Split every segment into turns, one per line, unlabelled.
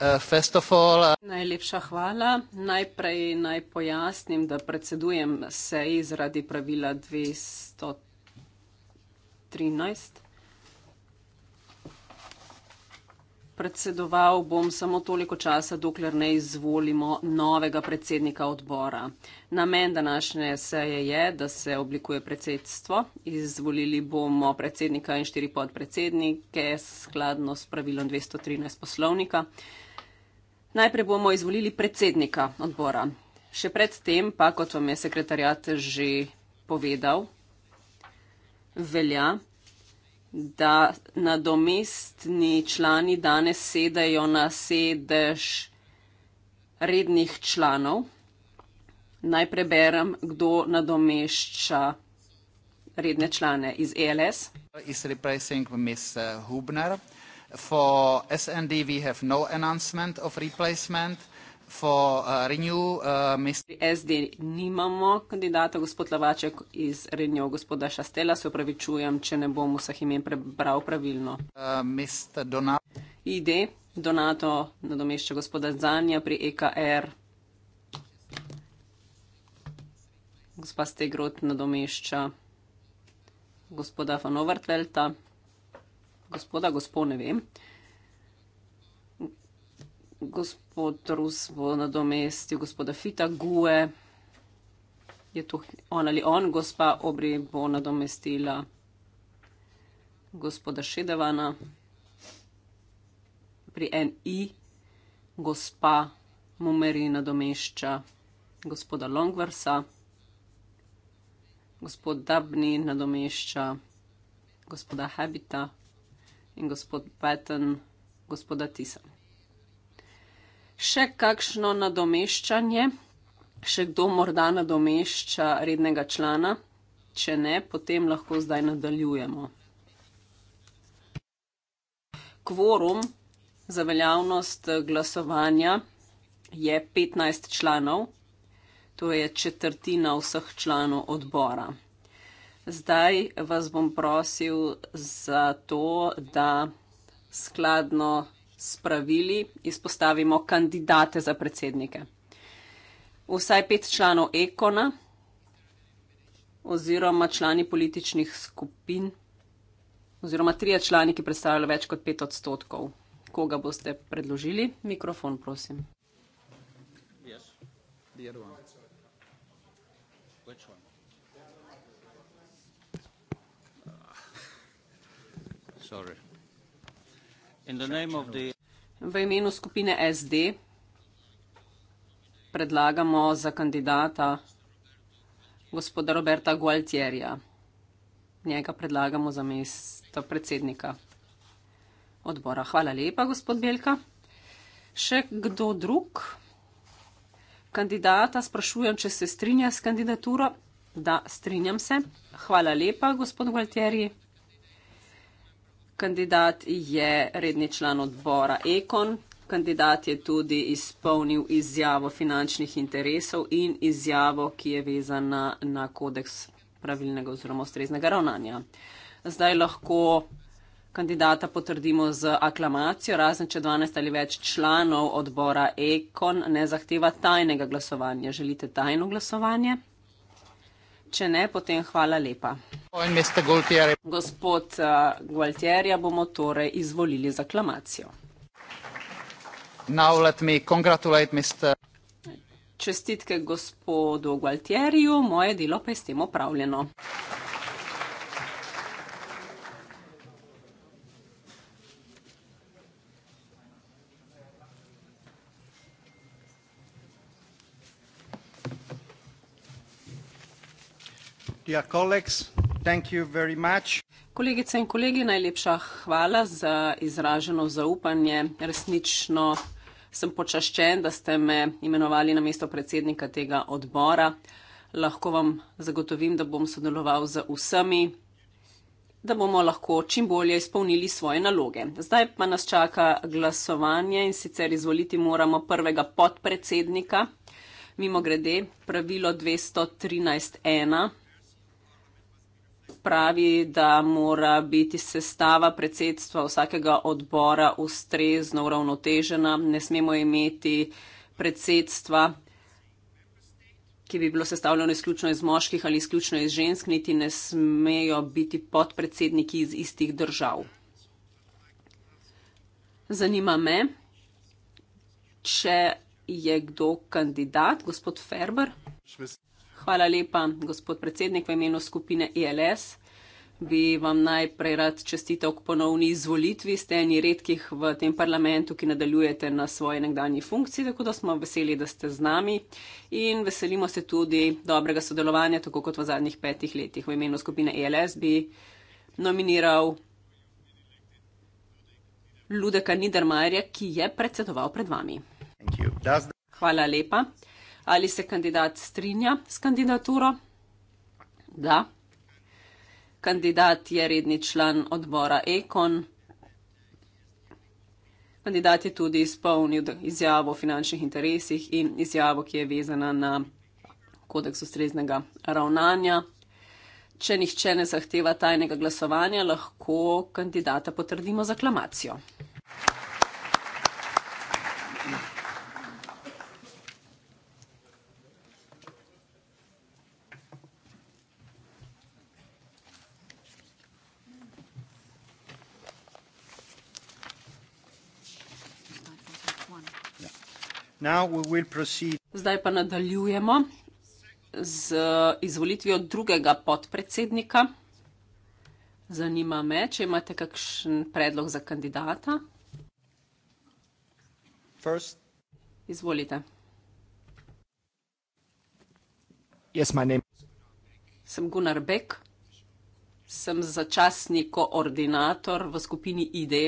Uh, first of all, uh... Najlepša hvala. Najprej naj pojasnim, da predsedujem seji zaradi pravila 213. Predsedoval bom samo toliko časa, dokler ne izvolimo novega predsednika odbora. Namen današnje seje je, da se oblikuje predsedstvo. Izvolili bomo predsednika in štiri podpredsednike skladno s pravilom 213 poslovnika. Najprej bomo izvolili predsednika odbora. Še predtem pa, kot vam je sekretarjat že povedal, velja, da nadomestni člani danes sedajo na sedež rednih članov. Naj preberem, kdo nadomešča redne člane iz ELS. Iz reprezentantov, mister eh, Hubner. For SND, we have no announcement of replacement. For uh, Renew, uh, Mr. SD nimamo kandidata, gospod Lavaček iz Renew, gospoda Šastela, se opravičujem, če ne bom vseh imen prebral pravilno. Uh, Mr. Donato. ID, Donato nadomešča gospoda Zanja pri EKR. Gospa Stegrot nadomešča gospoda Van Overtvelta gospoda, gospod ne vem. Gospod Rus bo nadomestil gospoda Fita Gue. Je to on ali on, gospa Obri bo nadomestila gospoda Šedevana pri NI, gospa Mumeri nadomešča gospoda Longversa, gospod Dabni nadomešča gospoda Habita in gospod Patten, gospoda Tisa. Še kakšno nadomeščanje? Še kdo morda nadomešča rednega člana? Če ne, potem lahko zdaj nadaljujemo. Kvorum za veljavnost glasovanja je 15 članov, to je četrtina vseh članov odbora. Zdaj vas bom prosil za to, da skladno s pravili izpostavimo kandidate za predsednike. Vsaj pet članov ekona oziroma člani političnih skupin oziroma trije člani, ki predstavljajo več kot pet odstotkov. Koga boste predložili? Mikrofon, prosim. Yes. The other one. V imenu skupine SD predlagamo za kandidata gospoda Roberta Gualtierja. Njega predlagamo za mesto predsednika odbora. Hvala lepa, gospod Belka. Še kdo drug? Kandidata sprašujem, če se strinja s kandidaturo. Da, strinjam se. Hvala lepa, gospod Gualtierji kandidat je redni član odbora Ekon. Kandidat je tudi izpolnil izjavo finančnih interesov in izjavo, ki je vezana na kodeks pravilnega oziroma ustreznega ravnanja. Zdaj lahko kandidata potrdimo z aklamacijo, razen če 12 ali več članov odbora Ekon ne zahteva tajnega glasovanja. Želite tajno glasovanje? Če ne, potem hvala lepa. Gospod uh, Gualtierja bomo torej izvolili za klamacijo. Me Mr... Čestitke gospodu Gualtierju, moje delo pa je s tem opravljeno. Kolegice in kolegi, najlepša hvala za izraženo zaupanje. Resnično sem počaščen, da ste me imenovali na mesto predsednika tega odbora. Lahko vam zagotovim, da bom sodeloval z vsemi, da bomo lahko čim bolje izpolnili svoje naloge. Zdaj pa nas čaka glasovanje in sicer izvoliti moramo prvega podpredsednika. Mimo grede, pravilo 213.1 pravi, da mora biti sestava predsedstva vsakega odbora ustrezno uravnotežena. Ne smemo imeti predsedstva, ki bi bilo sestavljeno izključno iz moških ali izključno iz žensk, niti ne smejo biti podpredsedniki iz istih držav. Zanima me, če je kdo kandidat, gospod Ferber. Švesi. Hvala lepa, gospod predsednik, v imenu skupine ILS. E bi vam najprej rad čestital k ponovni izvolitvi. Ste eni redkih v tem parlamentu, ki nadaljujete na svoji nekdanji funkciji, tako da smo veseli, da ste z nami in veselimo se tudi dobrega sodelovanja, tako kot v zadnjih petih letih. V imenu skupine ILS e bi nominiral Ludeka Niedermayerja, ki je predsedoval pred vami. Hvala lepa ali se kandidat strinja s kandidaturo. Da. Kandidat je redni član odbora Ekon. Kandidat je tudi izpolnil izjavo o finančnih interesih in izjavo, ki je vezana na kodeks ustreznega ravnanja. Če nihče ne zahteva tajnega glasovanja, lahko kandidata potrdimo z aklamacijo. Zdaj pa nadaljujemo z izvolitvijo drugega podpredsednika. Zanima me, če imate kakšen predlog za kandidata. First. Izvolite. Yes, Sem Gunnar Beck. Sem začasni koordinator v skupini IDE.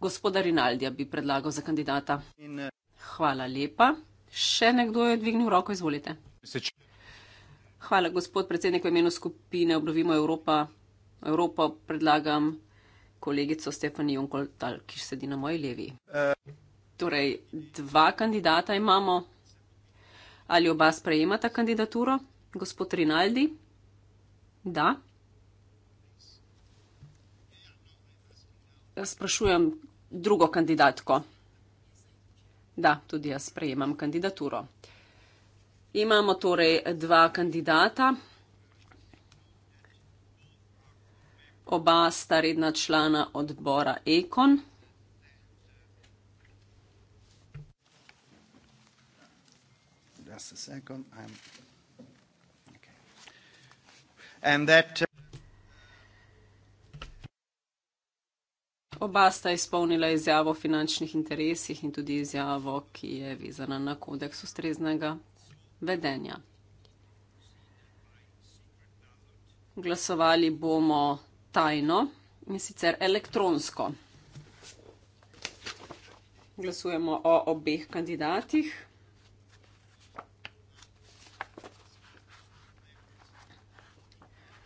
Gospoda Rinaldija bi predlagal za kandidata. In, uh, Hvala lepa. Še nekdo je dvignil roko, izvolite. Seč. Hvala, gospod predsednik, v imenu skupine Obnovimo Evropa. Evropo predlagam kolegico Stefani Junkoltal, ki sedi na moji levi. Uh, torej, dva kandidata imamo. Ali oba sprejemata kandidaturo? Gospod Rinaldi? Da. Sprašujem, drugo kandidatko. Da, tudi jaz sprejemam kandidaturo. Imamo torej dva kandidata. Oba sta redna člana odbora Ekon. Just a second, I'm okay. And that. Uh... oba sta izpolnila izjavo o finančnih interesih in tudi izjavo, ki je vezana na kodeks ustreznega vedenja. Glasovali bomo tajno in sicer elektronsko. Glasujemo o obeh kandidatih.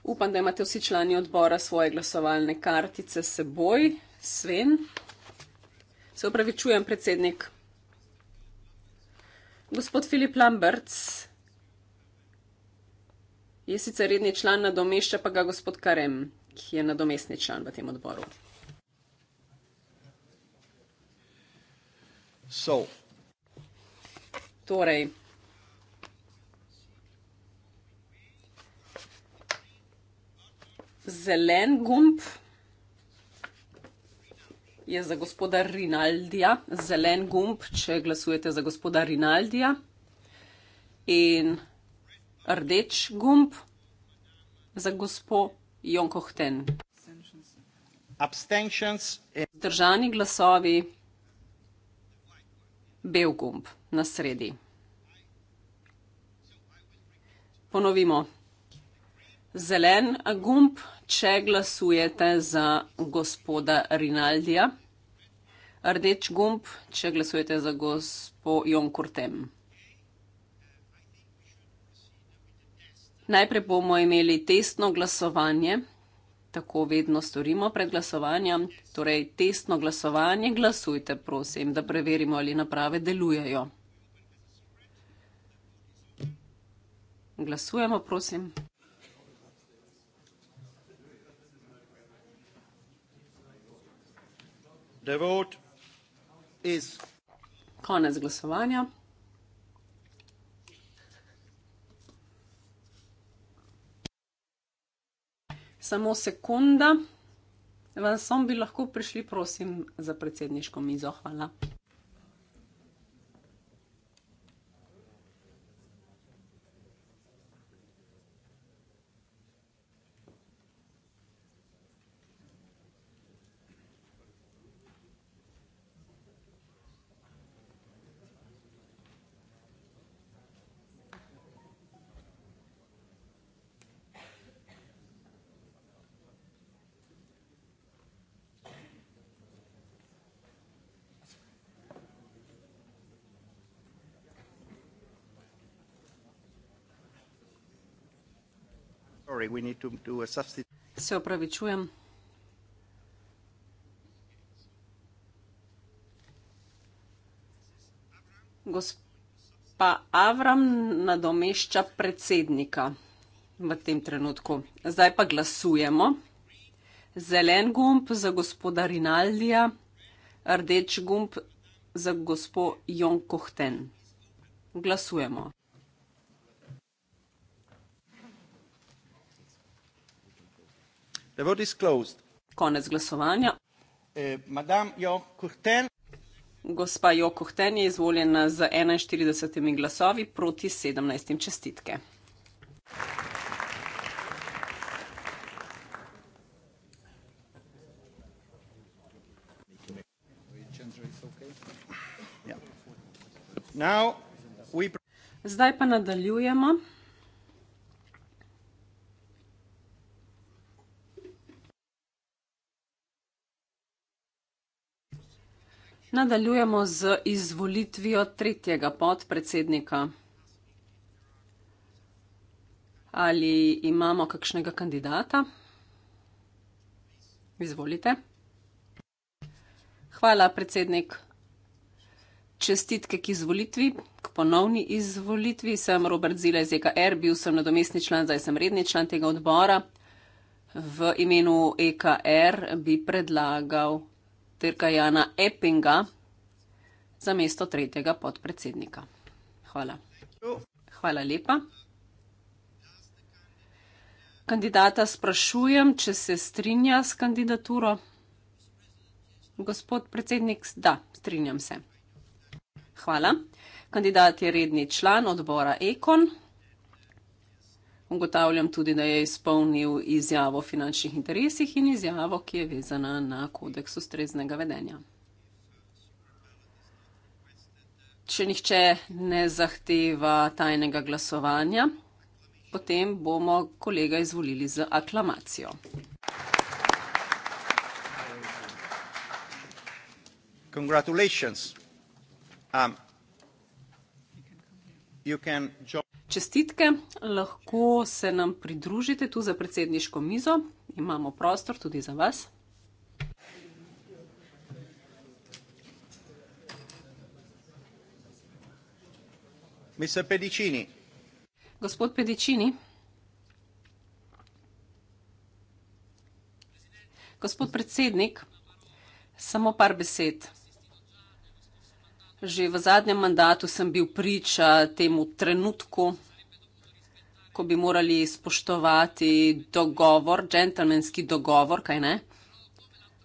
Upam, da imate vsi člani odbora svoje glasovalne kartice seboj. Sven. Se upravičujem, predsednik. Gospod Filip Lamberts je sicer redni član nadomešča, pa ga gospod Karem, ki je nadomestni član v tem odboru. So. Torej, zelen gumb je za gospoda Rinaldija, zelen gumb, če glasujete za gospoda Rinaldija, in rdeč gumb za gospo Jonko Hten. Zdržani glasovi, bel gumb na sredi. Ponovimo zelen gumb, če glasujete za gospoda Rinaldija. Rdeč gumb, če glasujete za gospo Jon Kurtem. Najprej bomo imeli testno glasovanje, tako vedno storimo pred glasovanjem. Torej, testno glasovanje, glasujte, prosim, da preverimo, ali naprave delujejo. Glasujemo, prosim. Konec glasovanja. Samo sekunda. Vam som bi lahko prišli, prosim, za predsedniško mizo. Hvala. Sorry, we need to do a substitute. Se opravičujem. Gospa Avram nadomešča predsednika v tem trenutku. Zdaj pa glasujemo. Zelen gumb za gospoda Rinaldija, rdeč gumb za gospo Jonkohten. Glasujemo. They were disclosed. Konec glasovanja. Eh, Gospa Jo Kohten je izvoljena z 41 glasovi proti 17 čestitke. Ja. Zdaj pa nadaljujemo. Nadaljujemo z izvolitvijo tretjega podpredsednika. Ali imamo kakšnega kandidata? Izvolite. Hvala, predsednik. Čestitke k izvolitvi, k ponovni izvolitvi. Sem Robert Zila iz EKR, bil sem nadomestni član, zdaj sem redni član tega odbora. V imenu EKR bi predlagal Dirka Jana Eppinga za mesto tretjega podpredsednika. Hvala. Hvala lepa. Kandidata sprašujem, če se strinja s kandidaturo. Gospod predsednik, da, strinjam se. Hvala. Kandidat je redni član odbora Ekon ugotavljam tudi, da je izpolnil izjavo o finančnih interesih in izjavo, ki je vezana na kodeks ustreznega vedenja. Če nihče ne zahteva tajnega glasovanja, potem bomo kolega izvolili z aklamacijo. Congratulations. Um, you can join čestitke, lahko se nam pridružite tu za predsedniško mizo, imamo prostor tudi za vas. Mr. Pedicini. Gospod Pedicini. Gospod predsednik, samo par besed. Že v zadnjem mandatu sem bil priča temu trenutku, ko bi morali spoštovati dogovor, džentlmenski dogovor, kaj ne.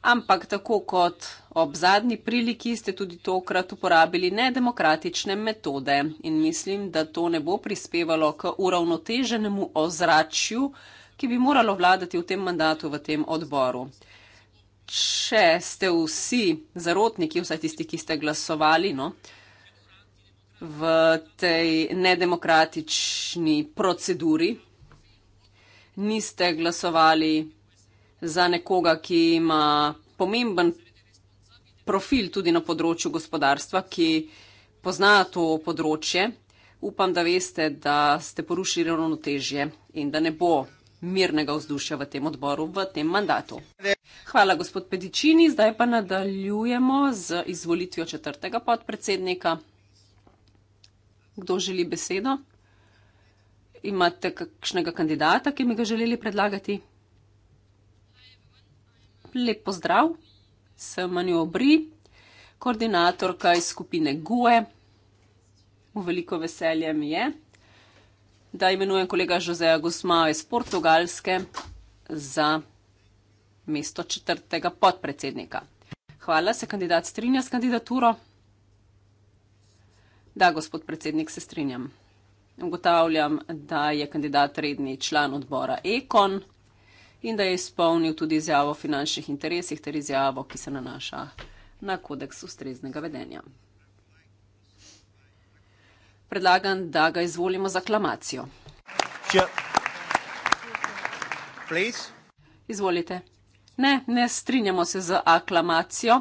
Ampak tako kot ob zadnji priliki ste tudi tokrat uporabili nedemokratične metode in mislim, da to ne bo prispevalo k uravnoteženemu ozračju, ki bi moralo vladati v tem mandatu v tem odboru če ste vsi zarotniki, vsaj tisti, ki ste glasovali no, v tej nedemokratični proceduri, niste glasovali za nekoga, ki ima pomemben profil tudi na področju gospodarstva, ki pozna to področje. Upam, da veste, da ste porušili ravnotežje in da ne bo mirnega vzdušja v tem odboru, v tem mandatu. Hvala, gospod Pedičini. Zdaj pa nadaljujemo z izvolitvijo četrtega podpredsednika. Kdo želi besedo? Imate kakšnega kandidata, ki bi ga želeli predlagati? Lep pozdrav, sem Manjo Obri, koordinatorka iz skupine GUE. V veliko veselje mi je, da imenujem kolega Žozeja Gusmao iz Portugalske za mesto četrtega podpredsednika. Hvala, se kandidat strinja s kandidaturo? Da, gospod predsednik, se strinjam. Ugotavljam, da je kandidat redni član odbora Ekon in da je izpolnil tudi izjavo o finančnih interesih ter izjavo, ki se nanaša na kodeks ustreznega vedenja. Predlagam, da ga izvolimo za aklamacijo. Izvolite. Ne, ne strinjamo se z aklamacijo,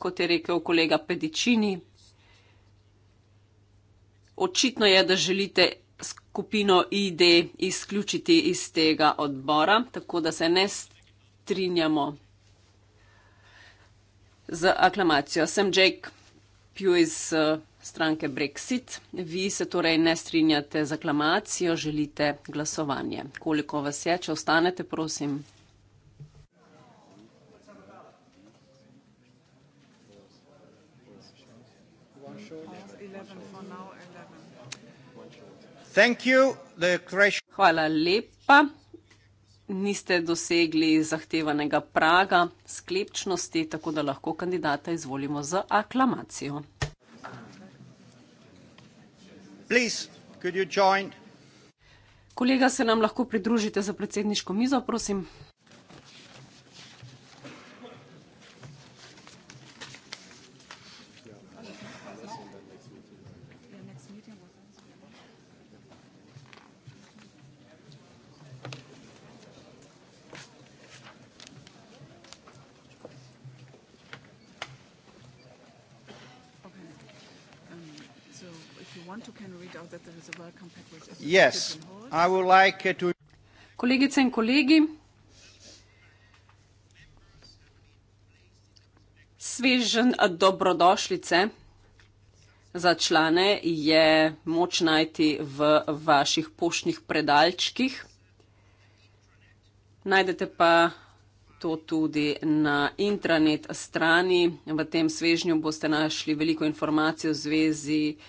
kot je rekel kolega Pedičini. Očitno je, da želite skupino ID izključiti iz tega odbora, tako da se ne strinjamo z aklamacijo. Sem Jake Pew iz eh, stranke Brexit. Vi se torej ne strinjate z aklamacijo, želite glasovanje. Koliko vas je, če ostanete, prosim. Hvala lepa. Niste dosegli zahtevanega praga sklepčnosti, tako da lahko kandidata izvolimo z aklamacijo. Kolega, se nam lahko pridružite za predsedniško mizo, prosim. Yes, I would like uh, to... Kolegice in kolegi, svežen dobrodošlice za člane je moč najti v vaših poštnih predalčkih. Najdete pa to tudi na intranet strani. V tem svežnju boste našli veliko informacij o zvezi z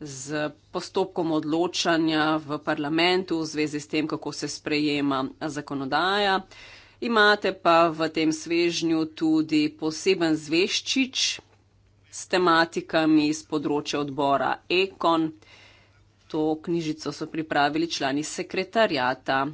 z postopkom odločanja v parlamentu v zvezi s tem, kako se sprejema zakonodaja. Imate pa v tem svežnju tudi poseben zveščič s tematikami iz področja odbora Ekon. To knjižico so pripravili člani sekretarjata.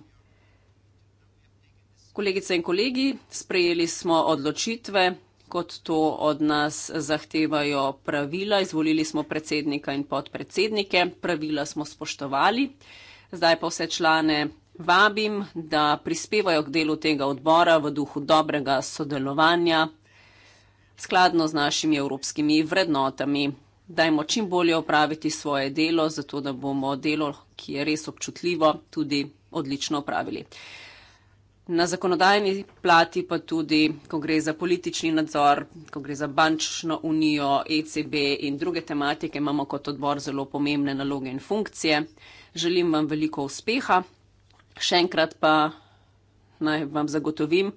Kolegice in kolegi, sprejeli smo odločitve kot to od nas zahtevajo pravila. Izvolili smo predsednika in podpredsednike, pravila smo spoštovali. Zdaj pa vse člane vabim, da prispevajo k delu tega odbora v duhu dobrega sodelovanja, skladno z našimi evropskimi vrednotami. Dajmo čim bolje opraviti svoje delo, zato da bomo delo, ki je res občutljivo, tudi odlično opravili. Na zakonodajni plati pa tudi, ko gre za politični nadzor, ko gre za bančno unijo, ECB in druge tematike, imamo kot odbor zelo pomembne naloge in funkcije. Želim vam veliko uspeha. Še enkrat pa naj vam zagotovim,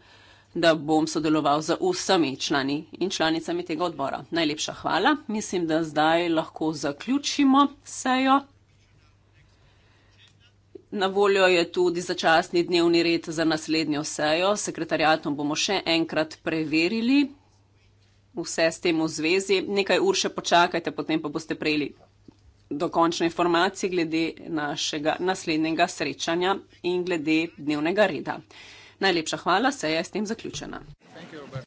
da bom sodeloval z vsemi člani in članicami tega odbora. Najlepša hvala. Mislim, da zdaj lahko zaključimo sejo. Na voljo je tudi začasni dnevni red za naslednjo sejo. Sekretarjatom bomo še enkrat preverili vse s tem v zvezi. Nekaj ur še počakajte, potem pa boste prejeli dokončne informacije glede našega naslednjega srečanja in glede dnevnega reda. Najlepša hvala, seja je s tem zaključena.